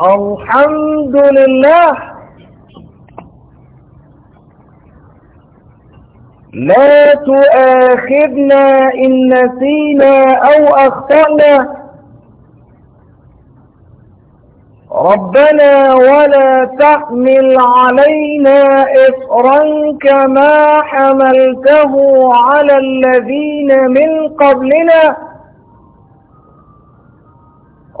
الحمد لله لا تؤاخذنا إن نسينا أو أخطأنا ربنا ولا تحمل علينا إصرا كما حملته على الذين من قبلنا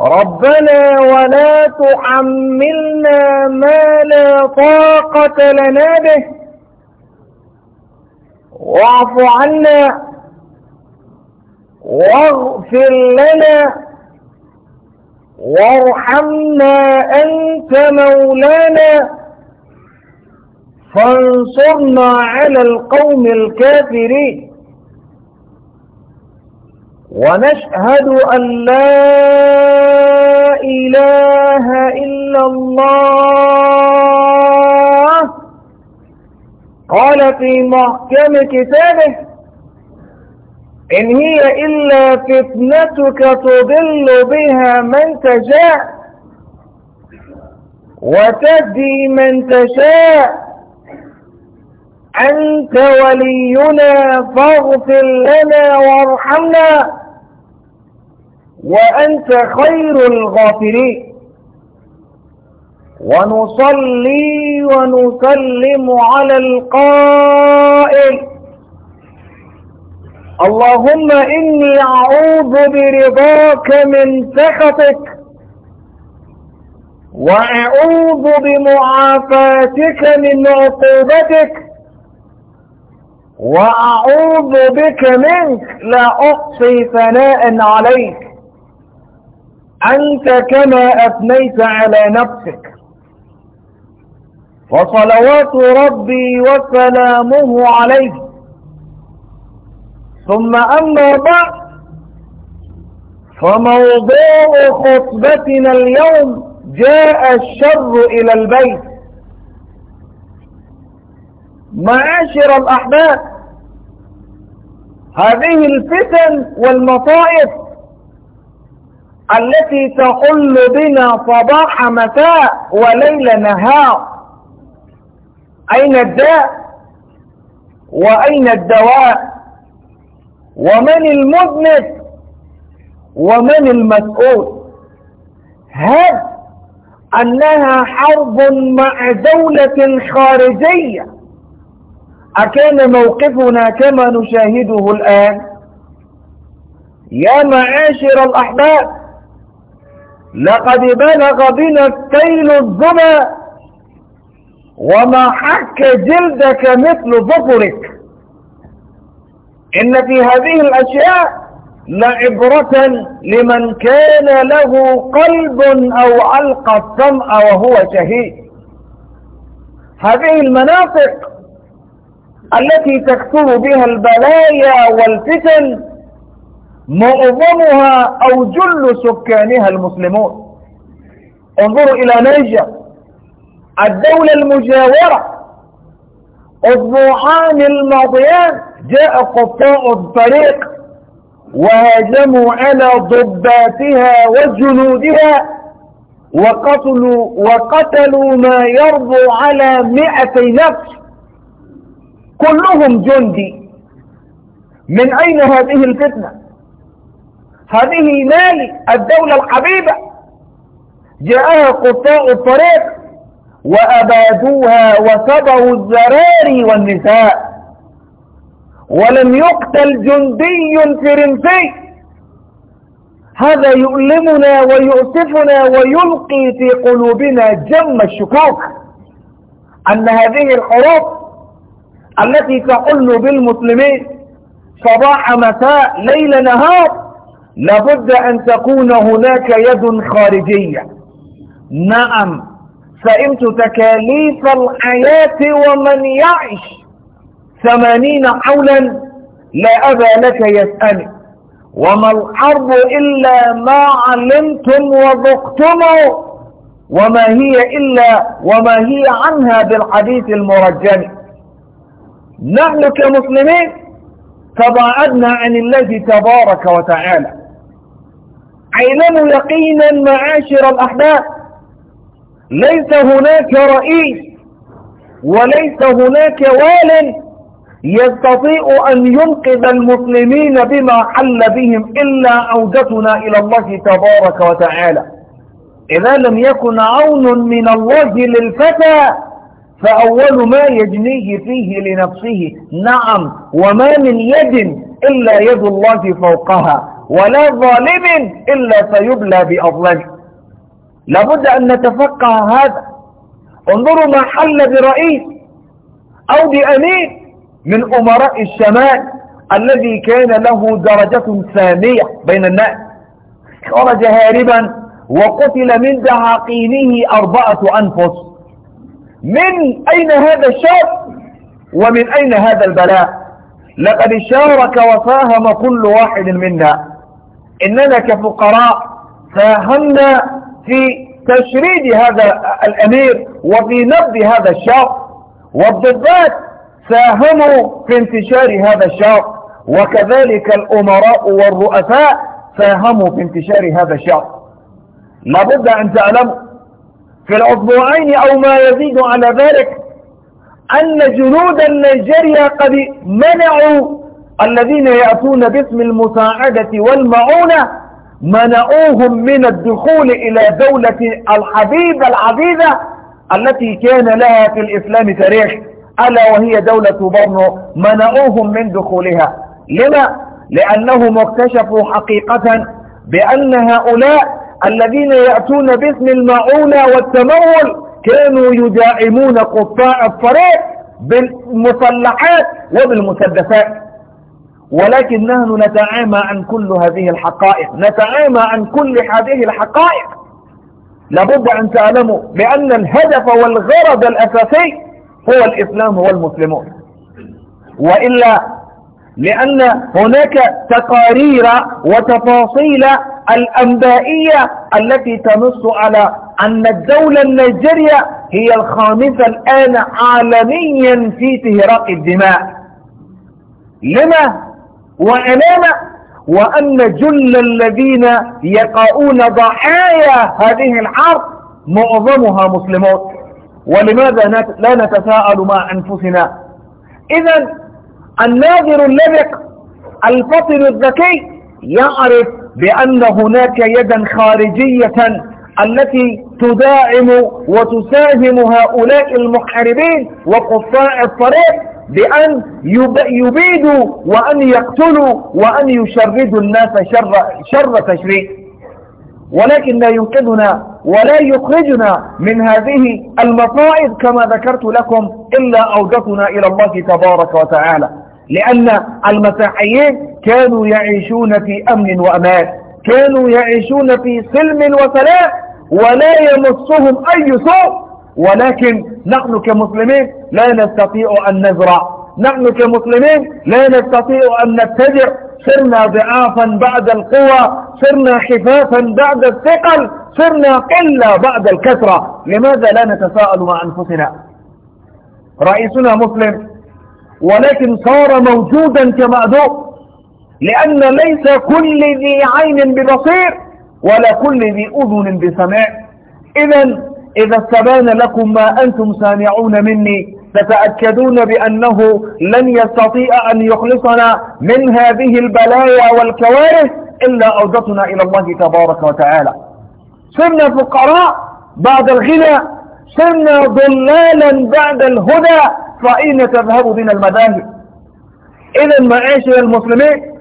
ربنا ولا تحملنا ما لا طاقة لنا به واعف عنا واغفر لنا وارحمنا أنت مولانا فانصرنا على القوم الكافرين ونشهد أن لا إله إلا الله قال في محكم كتابه إن هي إلا فتنتك تضل بها من تشاء وتهدي من تشاء أنت ولينا فاغفر لنا وارحمنا وأنت خير الغافلين ونصلي ونسلم على القائل اللهم إني أعوذ برضاك من سخطك وأعوذ بمعافاتك من عقوبتك وأعوذ بك منك لا أحصي ثناء عليك أنت كما أثنيت على نفسك وصلوات ربي وسلامه عليه ثم أما بعد فموضوع خطبتنا اليوم جاء الشر إلى البيت معاشر الأحباب هذه الفتن والمصائب التي تحل بنا صباح مساء وليل نهار أين الداء وأين الدواء ومن المذنب ومن المسؤول هل أنها حرب مع دولة خارجية أكان موقفنا كما نشاهده الآن يا معاشر الأحباب لقد بلغ بنا التيل الظما وما حك جلدك مثل ظفرك إن في هذه الأشياء لعبرة لمن كان له قلب أو ألقى السمع وهو شهيد هذه المناطق التي تكثر بها البلايا والفتن معظمها أو جل سكانها المسلمون انظروا إلى نيجر الدولة المجاورة الضوحان الماضيان جاء قطاع الطريق وهاجموا على ضباتها وجنودها وقتلوا, وقتلوا ما يرضوا على مئتي نفس كلهم جندي من أين هذه الفتنة هذه مالي الدولة الحبيبة جاءها قطاع الطريق وأبادوها وصبوا الزراري والنساء ولم يقتل جندي فرنسي هذا يؤلمنا ويؤسفنا ويلقي في قلوبنا جم الشكوك أن هذه الحروب التي تحل بالمسلمين صباح مساء ليل نهار لابد أن تكون هناك يد خارجية نعم فإمت تكاليف الحياة ومن يعش ثمانين حولا لا أبا لك يسألك وما الحرب إلا ما علمتم وذقتم وما هي إلا وما هي عنها بالحديث المرجم نحن كمسلمين تباعدنا عن الله تبارك وتعالى عينه يقينا معاشر الأحباب ليس هناك رئيس وليس هناك وال يستطيع أن ينقذ المسلمين بما حل بهم إلا عودتنا إلى الله تبارك وتعالى إذا لم يكن عون من الله للفتى فأول ما يجنيه فيه لنفسه نعم وما من يد إلا يد الله فوقها ولا ظالم إلا سيبلى بأظلمه لابد أن نتفقه هذا انظروا ما حل برئيس أو بأمير من أمراء الشمال الذي كان له درجة ثانية بين الناس خرج هاربا وقتل من دعاقينه أربعة أنفس من أين هذا الشر ومن أين هذا البلاء لقد شارك وساهم كل واحد منا إننا كفقراء ساهمنا في تشريد هذا الأمير وفي نبض هذا الشعب والضباط ساهموا في انتشار هذا الشعب وكذلك الأمراء والرؤساء ساهموا في انتشار هذا الشر لابد أن تعلموا في الأسبوعين أو ما يزيد على ذلك أن جنود نيجيريا قد منعوا الذين يأتون باسم المساعدة والمعونة منعوهم من الدخول إلى دولة الحبيبة العزيزة التي كان لها في الإسلام تاريخ ألا وهي دولة برنو منعوهم من دخولها لما؟ لأنهم اكتشفوا حقيقة بأن هؤلاء الذين يأتون باسم المعونة والتمول كانوا يداعمون قطاع الطريق بالمسلحات وبالمسدسات ولكن نحن نتعامى عن كل هذه الحقائق نتعامى عن كل هذه الحقائق لابد أن تعلموا بأن الهدف والغرض الأساسي هو الإسلام والمسلمون وإلا لأن هناك تقارير وتفاصيل الأنبائية التي تنص على أن الدولة النيجيرية هي الخامسة الآن عالميا في تهراق الدماء لما وإمامة وأن جل الذين يقعون ضحايا هذه الحرب معظمها مسلمون ولماذا لا نتساءل مع أنفسنا إذا الناظر اللبق الفطن الذكي يعرف بأن هناك يدا خارجية التي تداعم وتساهم هؤلاء المحاربين وقصاء الطريق بأن يبيدوا وأن يقتلوا وأن يشردوا الناس شر, شر تشريد ولكن لا ينقذنا ولا يخرجنا من هذه المصائب كما ذكرت لكم إلا أوجتنا إلى الله تبارك وتعالى لأن المسيحيين كانوا يعيشون في أمن وأمان كانوا يعيشون في سلم وسلام ولا يمسهم أي سوء ولكن نحن كمسلمين لا نستطيع أن نزرع نحن كمسلمين لا نستطيع أن نتجر صرنا ضعافا بعد القوى صرنا خفافا بعد الثقل صرنا قلة بعد الكثرة لماذا لا نتساءل مع أنفسنا رئيسنا مسلم ولكن صار موجودا كمأذوب لأن ليس كل ذي عين ببصير ولا كل ذي أذن بسمع إذا إذا استبان لكم ما أنتم سامعون مني تتأكدون بأنه لن يستطيع أن يخلصنا من هذه البلايا والكوارث إلا أودتنا إلى الله تبارك وتعالى صرنا فقراء بعد الغنى صرنا ضلالا بعد الهدى فأين تذهب بنا المذاهب إذا معاشر المسلمين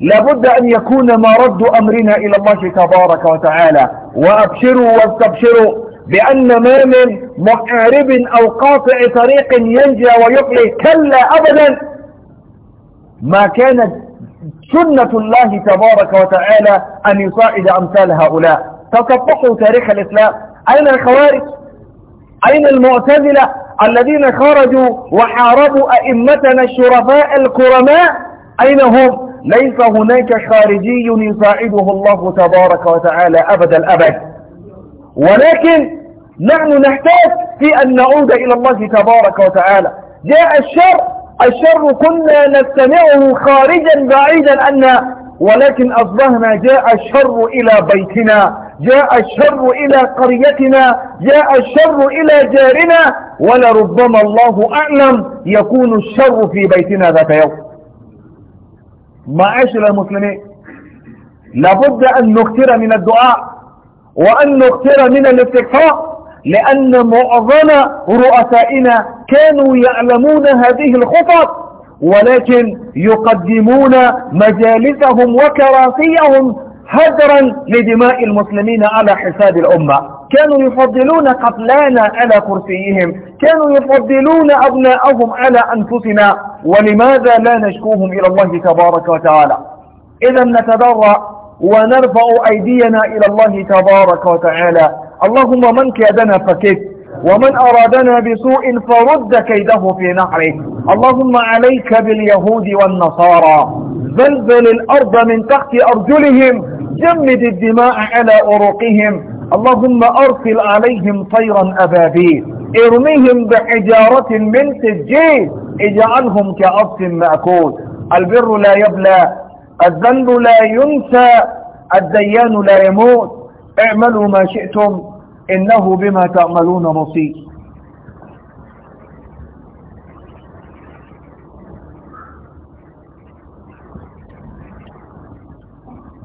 لابد أن يكون مرد أمرنا إلى الله تبارك وتعالى وأبشروا واستبشروا بأن ما من محارب أو قاطع طريق ينجى ويقلي كلا أبدا ما كانت سنة الله تبارك وتعالى أن يصاعد أمثال هؤلاء تصفحوا تاريخ الإسلام أين الخوارج أين المعتزلة الذين خرجوا وحاربوا أئمتنا الشرفاء الكرماء أين هم ليس هناك خارجي يساعده الله تبارك وتعالى أبدا الأبد ولكن نحن نحتاج في أن نعود إلى الله تبارك وتعالى جاء الشر الشر كنا نستمعه خارجا بعيدا أن ولكن أصبحنا جاء الشر إلى بيتنا جاء الشر إلى قريتنا جاء الشر إلى جارنا ولربما الله أعلم يكون الشر في بيتنا ذات يوم معاشر المسلمين لابد أن نكثر من الدعاء وأن نكثر من الاستغفار لأن معظم رؤسائنا كانوا يعلمون هذه الخطط ولكن يقدمون مجالسهم وكراسيهم هدرا لدماء المسلمين على حساب الأمة كانوا يفضلون قتلانا على كرسيهم كانوا يفضلون أبناءهم على أنفسنا ولماذا لا نشكوهم إلى الله تبارك وتعالى إذا نتضرع ونرفع أيدينا إلى الله تبارك وتعالى اللهم من كيدنا فكيك ومن أرادنا بسوء فرد كيده في نحره اللهم عليك باليهود والنصارى زلزل الأرض من تحت أرجلهم جمد الدماء على أروقهم اللهم أرسل عليهم طيرا أبابيل ارميهم بحجارة من سجيل اجعلهم كأبس مأكول البر لا يبلى الذنب لا ينسى الديان لا يموت اعملوا ما شئتم إنه بما تعملون بصير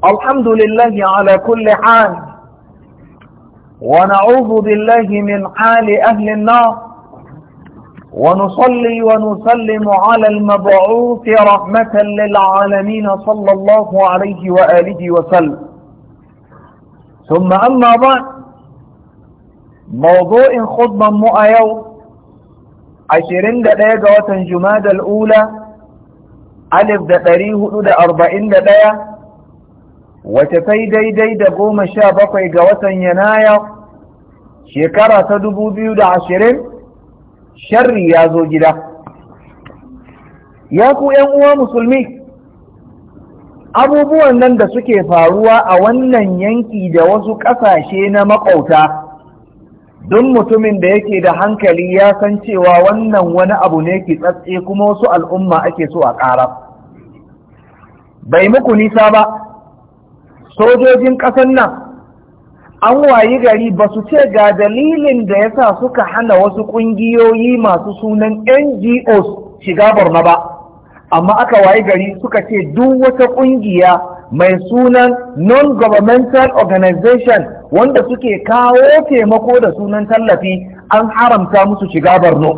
الحمد لله على كل حال ونعوذ بالله من حال أهل النار ونصلي ونسلم على المبعوث رحمة للعالمين صلى الله عليه وآله وسلم ثم أما بعد موضوع خطبة مؤيو عشرين دقائق وتنجماد الأولى ألف دقريه أولى أربعين دقائق وتفي دي دي دا قوم قوة يناير شكرة تدبو بيود عشرين sharri ya zo gida ya ku ‘yan uwa musulmi abubuwan nan da suke faruwa a wannan yanki da wasu ƙasashe na maƙauta don mutumin da yake da hankali ya san cewa wannan wani abu ne ke tsatse kuma wasu al'umma ake so a ƙara bai muku nisa ba sojojin ƙasan nan an wayi gari ba su ce ga dalilin da ya sa suka hana wasu ƙungiyoyi masu sunan ngos shiga borno ba amma aka wayi gari suka ce duk wata ƙungiya mai sunan non-governmental organization wanda suke kawo taimako da sunan tallafi an haramta musu shiga borno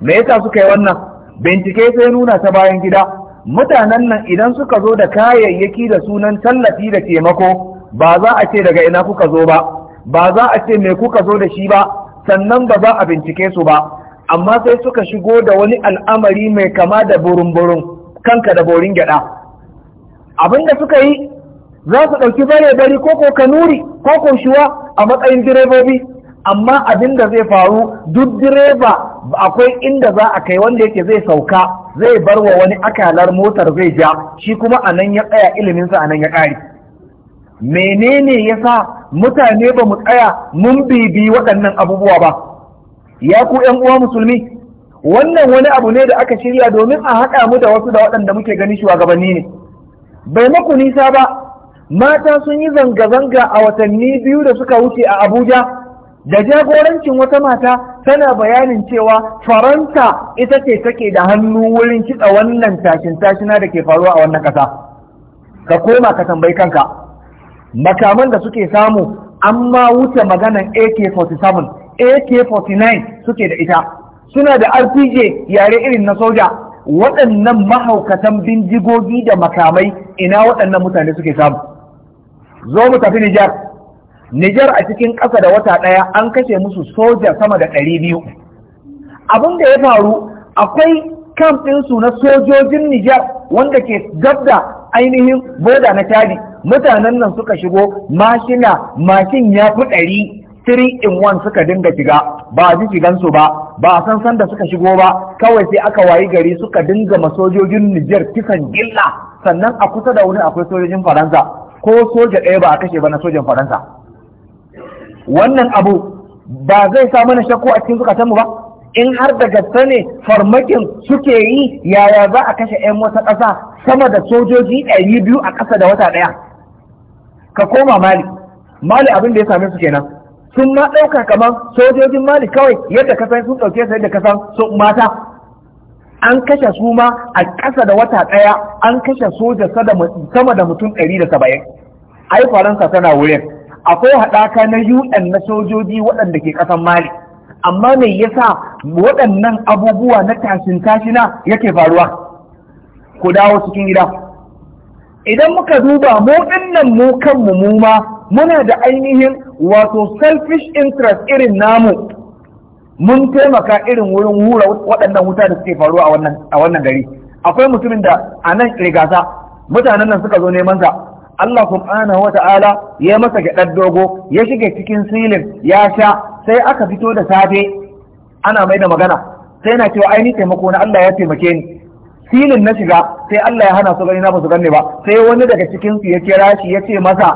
me yasa suka yi wannan bincike sai nuna ta bayan gida mutanen nan idan suka zo da kayayyaki da sunan tallafi da taimako ba za a ce daga ina kuka zo ba ba za a ce me kuka zo da shi ba sannan ba za a bincike su ba amma sai suka shigo da wani al'amari mai kama da burin-burin kanka da borin gyada abin da suka yi za su ɗauki bare-bari ko ko kanuri ko ko shuwa a matsayin direbobi amma abin da zai faru duk direba akwai inda za a kai wanda yake zai sauka zai bar wa wani akalar motar zai ja shi kuma a nan ya tsaya iliminsa a nan ya ƙare menene yasa mutane ba mu tsaya mun bibi waɗannan abubuwa ba ya ku ƴan uwa musulmi wannan wani abu ne da aka shirya domin a haɗa mu da wasu da waɗanda muke gani shugabanni ne bai maku nisa ba mata sun yi zanga-zanga a watanni biyu da suka wuce a abuja da jagorancin wata mata tana bayanin cewa faranta ita ce take da hannu wurin kitsa wannan tashin tashina da ke faruwa a wannan ƙasa ka koma ka tambayi kanka makaman da suke samu an ma wuce maganan AK47 AK49 suke da ita suna da RPG yare irin na soja waɗannan mahaukatan bindigogi da makamai ina waɗannan mutane suke samu zo mu tafi Nijar Nijar a cikin ƙasa da wata ɗaya an kashe musu soja sama da ɗari biyu abin da ya faru akwai kamfinsu na sojojin Nijar wanda ke gabda ainihin boda na Chadi mutanen nan suka shigo mashina mashin ya fi ɗari three in one suka dinga shiga ba a ji shigansu ba ba a san sanda suka shigo ba kawai sai aka wayi gari suka dinga masojojin Nijar kisan gilla sannan a kusa da wurin akwai sojojin Faransa ko soja ɗaya ba a kashe ba na sojan Faransa wannan abu ba zai sa mana shakku a cikin zukatanmu ba in har da gaske ne farmakin suke yi yaya za a kashe 'yan wata ƙasa sama da sojoji ɗari biyu a ƙasa da wata ɗaya ka koma mali mali abin da ya same su kenan sun ma ɗauka kamar sojojin mali kawai yadda ka san sun ɗauke su yadda ka san mata an kashe su ma a ƙasa da wata ɗaya an kashe soja sama da mutum ɗari da saba'in ai faransa tana wurin akwai haɗaka na un na sojoji waɗanda ke ƙasan mali amma me yasa waɗannan abubuwa na tashin tashina yake faruwa ku dawo cikin gida idan muka duba mu dinnan mu kanmu mu ma muna da ainihin wato selfish interest irin namu mun taimaka irin wurin hura waɗannan wuta da suke faruwa a wannan gari akwai mutumin da a nan rigasa mutanen nan suka zo neman sa Allah subhanahu wa ta'ala ya masa gyaɗar dogo ya shige cikin silin ya sha sai aka fito da safe ana mai da magana sai na cewa aini taimako na Allah ya taimake ni filin na shiga sai Allah ya hana su gani na ba su ganne ba sai wani daga cikin su ya kira shi ya ce masa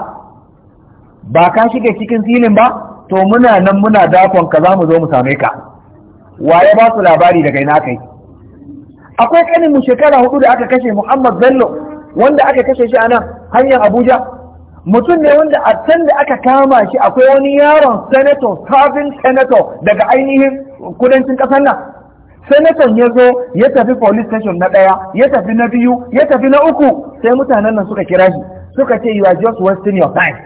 ba ka shiga cikin filin ba to muna nan muna dakon ka za mu zo mu same ka waye ba su labari daga ina kai akwai kanin mu shekara hudu da aka kashe Muhammad Bello wanda aka kashe shi a nan hanyar Abuja mutum ne wanda a can da aka kama shi akwai wani yaron senator sabin senator daga ainihin kudancin kasar nan senator ya zo ya tafi police station na ɗaya ya tafi na biyu ya tafi na uku sai mutanen nan suka kira shi suka ce you are just wasting your time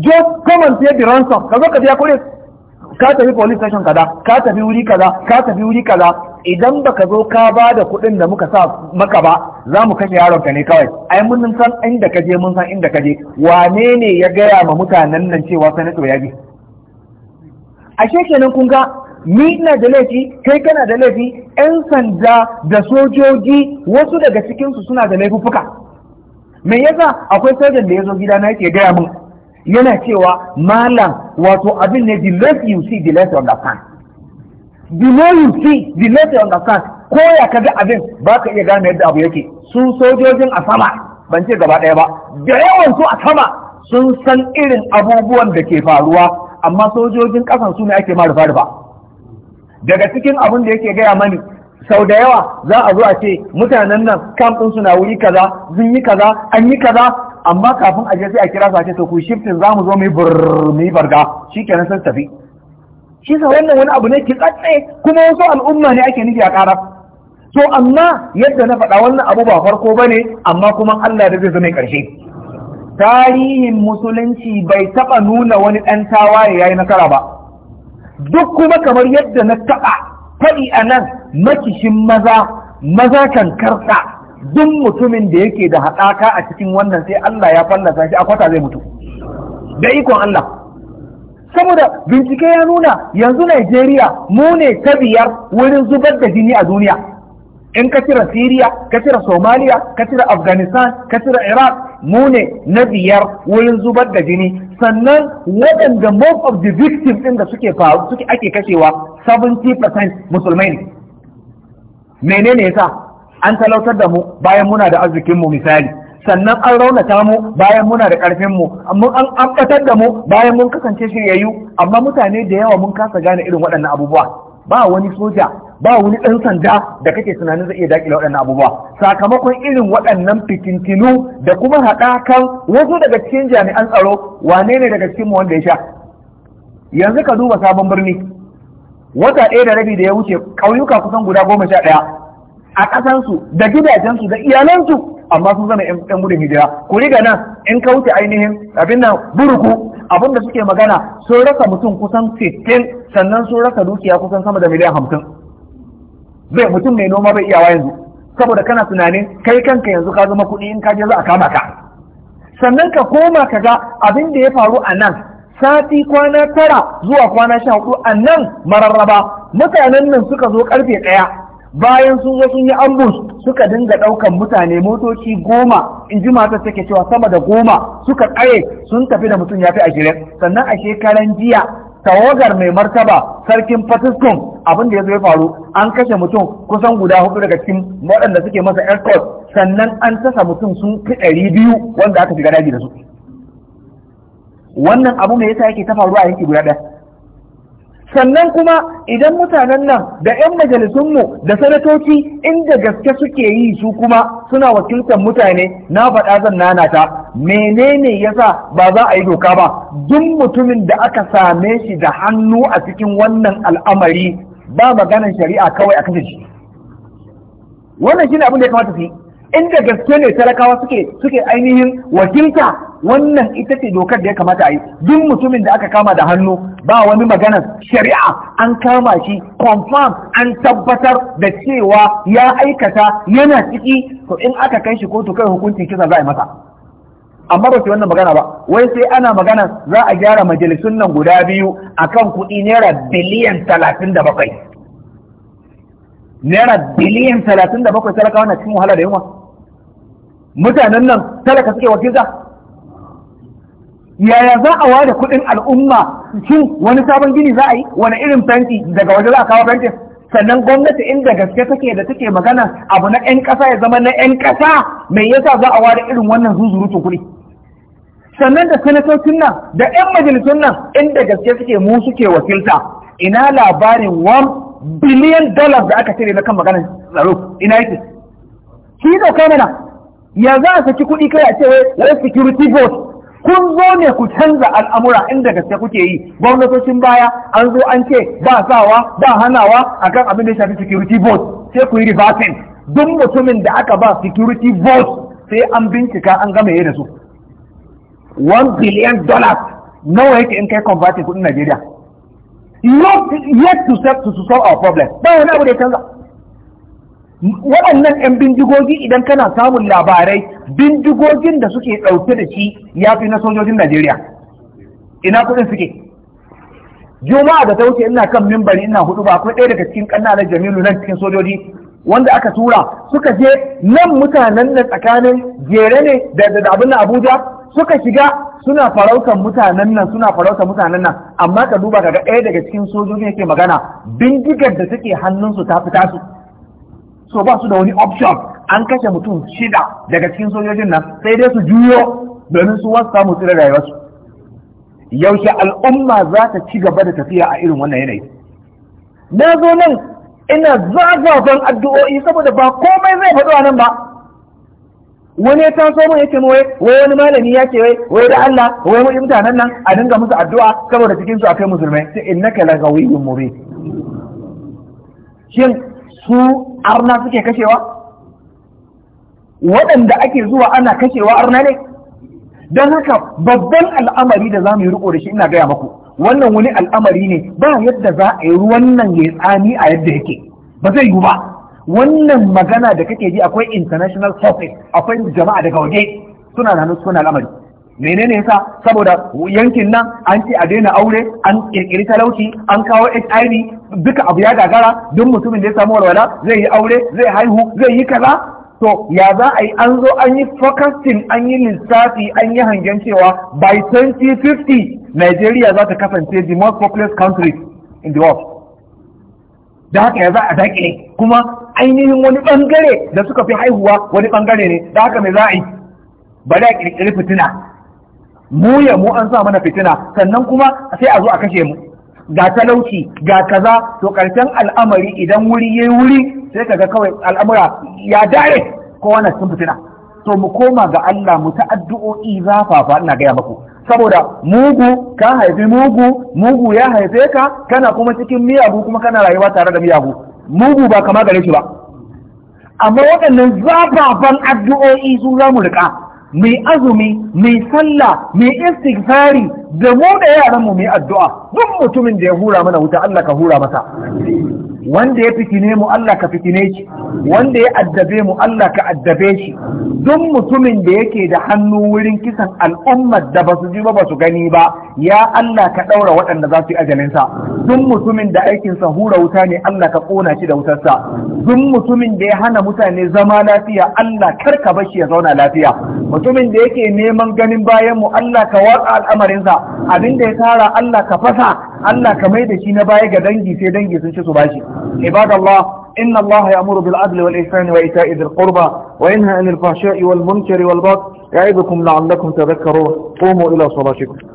just come and pay the ransom ka zo ka biya kuɗi ka tafi police station kaza ka tafi wuri kaza ka tafi wuri kaza idan baka zo ka ba da kuɗin da muka sa maka ba za mu kashe yaron ka ne kawai ai mun san inda ka je mun san inda ka je wane ne ya gaya ma mutanen nan cewa senator ya je ashe kenan kun ga ni ina da laifi kai kana da laifi yan sanda da sojoji wasu daga cikinsu suna da laifuffuka me yasa akwai sojan da ya zo gidana yake gaya min yana cewa malam wato abin ne the less you see the less you understand the more you see the less you understand ko ya kaga abin ba ka iya gane yadda abu yake su sojojin a sama ban ce gaba ɗaya ba da yawan su a sama sun san irin abubuwan da ke faruwa amma sojojin ƙasan su ne ake ma rufa rufa daga cikin abin da yake gaya mani sau da yawa za a zo a ce mutanen nan kam ɗin suna wuri kaza sun yi kaza an yi kaza amma kafin a je sai a kira su a ce to ku shiftin za mu zo mu yi burr mu yi barga tafi shi sa wannan wani abu ne ki tsatse kuma wasu al'umma ne ake nufi a ƙara to amma yadda na faɗa wannan abu ba farko ba ne, amma kuma Allah da zai zama ƙarshe tarihin musulunci bai taɓa nuna wani ɗan tawaye ya yi nasara ba duk kuma kamar yadda na taɓa faɗi a nan makishin maza maza kan karsa duk mutumin da yake da haɗaka a cikin wannan sai Allah ya fallasa shi a kwata zai mutu da ikon Allah saboda bincike ya nuna yanzu Najeriya mu ne ta biyar wurin zubar da jini a duniya in ka cire Siriya ka cire Somaliya ka cire Afghanistan ka cire Iraq mu ne na biyar wurin zubar da jini sannan waɗanda most of the victims ɗin da suke faru suke ake kashewa 70% musulmai ne menene yasa an talautar da mu bayan muna da arzikin misali sannan an raunata mu bayan muna da ƙarfin mu amma an ambatar da mu bayan mun kasance shiryayyu amma mutane da yawa mun kasa gane irin waɗannan abubuwa ba wani soja ba wani ɗan sanda da kake tunanin zai iya daƙile waɗannan abubuwa sakamakon irin waɗannan fitintinu da kuma haɗakan wasu daga cikin jami'an tsaro wane ne daga cikin wanda ya sha yanzu ka duba sabon birni wata ɗaya da rabi da ya wuce ƙauyuka kusan guda goma sha ɗaya a ƙasansu da gidajensu da iyalansu amma sun zama 'yan gudun hijira ku riga nan in ka wuce ainihin abin nan buruku abin da suke magana sun rasa mutum kusan sittin sannan sun rasa dukiya kusan sama da miliyan hamsin bai mutum mai noma bai iyawa yanzu saboda kana tunanin kai kanka yanzu ka zama kuɗi in ka je za a kama ka sannan ka koma ka ga abin da ya faru a nan sati kwana tara zuwa kwana sha hudu a nan mararraba mutanen nan suka zo karfe ɗaya bayan sun zo sun yi ambus suka dinga ɗaukan mutane motoci goma in ji mata take cewa sama da goma suka ƙare sun tafi da mutum ya fi ashirin sannan a shekaran jiya tawagar mai martaba sarkin fatiskun abin da ya zo faru an kashe mutum kusan guda hudu daga cikin waɗanda suke masa airport sannan an tasa mutum sun fi ɗari biyu wanda aka shiga daji da su wannan abu mai yasa yake ta faruwa a yanki guda ɗaya sannan kuma idan mutanen nan da 'yan majalisunmu da sanatoci inda gaske suke yi su kuma suna wakiltar mutane na faɗa zan nanata menene yasa ba za a yi doka ba duk mutumin da aka same shi da hannu a cikin wannan al'amari ba maganar shari'a kawai a kashe shi wannan shine abin da ya kamata su yi inda gaske ne talakawa suke suke ainihin wakilta wannan ita ce dokar da ya kamata a yi duk mutumin da aka kama da hannu ba wani magana shari'a an kama shi confirm an tabbatar da cewa ya aikata yana ciki to in aka kai shi kotu kai hukuncin kisa za a yi masa amma ba su wannan magana ba wai sai ana magana za a gyara majalisun nan guda biyu akan kuɗi naira biliyan talatin da bakwai naira biliyan talatin da bakwai talakawa na cikin wahala da yunwa mutanen nan talaka suke wakilta yaya za a ware kuɗin al'umma shin wani sabon gini za a yi wani irin fenti daga waje za a kawo fenti? sannan gwamnati inda gaske take da take magana abu na ƴan ƙasa ya zama na ƴan ƙasa mai yasa za a ware irin wannan zuzurutun kuɗi sannan da sanatocin nan da ƴan majalisun nan inda gaske suke mu suke wakilta ina labarin 1 biliyan dollars da aka cire na kan maganar tsaro ina yake shi dauka mana ya za a saki kuɗi kai a ce wai security force kun zo ne ku canza al'amura inda gaske kuke yi gwamnatocin baya an zo an ce ba sawa ba hanawa akan abin da ya shafi security vote sai ku yi reversing duk mutumin da aka ba security vote sai an bincika an gama da su 1 billion dollars nawa yake in kai converting kudin Najeriya yet to solve our problem ba wani abu da ya canza waɗannan 'yan bindigogi idan kana samun labarai bindigogin da suke ɗauke da shi ya fi na sojojin najeriya ina kuɗin suke juma'a da ta wuce ina kan mimbari ina hudu ba akwai ɗaya daga cikin ƙanna jamilu nan cikin sojoji wanda aka tura suka je nan mutanen da tsakanin jere ne da abin abuja suka shiga suna farautar mutanen nan suna farautar mutanen nan amma ka duba kaga ɗaya daga cikin sojoji yake magana bindigar da take hannunsu ta fita su so ba su da wani option an kashe mutum shida daga cikin sojojin nan sai dai su juyo domin su wasu samu tsira rayuwarsu yaushe al'umma za ta ci gaba da tafiya a irin wannan yanayi na zo nan ina zagwagon addu'o'i saboda ba komai zai faɗo nan ba wani ya taso mun yake mu wai wani malami yake wai wai da Allah wai mu mutanen nan a dinga musu addu'a saboda cikin su akai musulmai sai innaka lagawiyyun murid shin su arna suke kashewa waɗanda ake zuwa ana kashewa arna ne don haka babban al'amari da za mu yi riko da shi ina gaya maku wannan wani al'amari ne ba yadda za a yi ruwan nan ya tsami a yadda yake ba zai yi ba wannan magana da kake ji akwai international sources akwai jama'a daga waje suna nan suna al'amari menene yasa saboda yankin nan an ce a daina aure an kirkiri talauci an kawo HIV duka abu ya gagara duk mutumin da ya samu walwala zai yi aure zai haihu zai yi kaza to ya za a yi an zo an yi focusing an yi lissafi an yi hangen cewa by 2050 Nigeria za ta kasance the most populous country in the world da haka ya za a dakile kuma ainihin wani bangare da suka fi haihuwa wani bangare ne da haka mai za a yi ba da kirkiri fitina mu ya mu an sa mana fitina sannan kuma sai a zo a kashe mu ga talauci ga kaza to karshen al'amari idan wuri ya yi wuri sai ga kawai al'amura ya dare ko wannan sun fitina to mu koma ga Allah mu ta addu'o'i zafafa ina gaya maku saboda mugu ka haifi mugu mugu ya haife ka kana kuma cikin miyagu kuma kana rayuwa tare da miyagu mugu ba kama gare shi ba amma waɗannan zafafan addu'o'i su za mu riƙa Mai azumi mai sallah mai yi istighfari da mu da yaran mu mu addu'a duk mutumin da ya hura mana wuta Allah ka hura masa wanda ya fitine mu Allah ka fitine shi wanda ya addabe mu Allah ka addabe shi duk mutumin da yake da hannu wurin kisan al'ummar da ba su ji ba ba su gani ba ya Allah ka ɗaura waɗanda za su yi ajalinsa duk mutumin da aikinsa hura wuta ne Allah ka ƙona shi da wutarsa duk mutumin da ya hana mutane zama lafiya Allah kar ka bashi ya zauna lafiya mutumin da yake neman ganin bayan mu Allah ka watsa al'amarinsa abinda ya tara Allah ka fasa Allah ka mai da shi na baya ga dangi sai dangi sun ci su bashi عباد الله إن الله يأمر بالعدل والإحسان وإيتاء ذي القربى وينهى عن الفحشاء والمنكر والبغي يعظكم لعلكم تذكرون قوموا إلى صلاتكم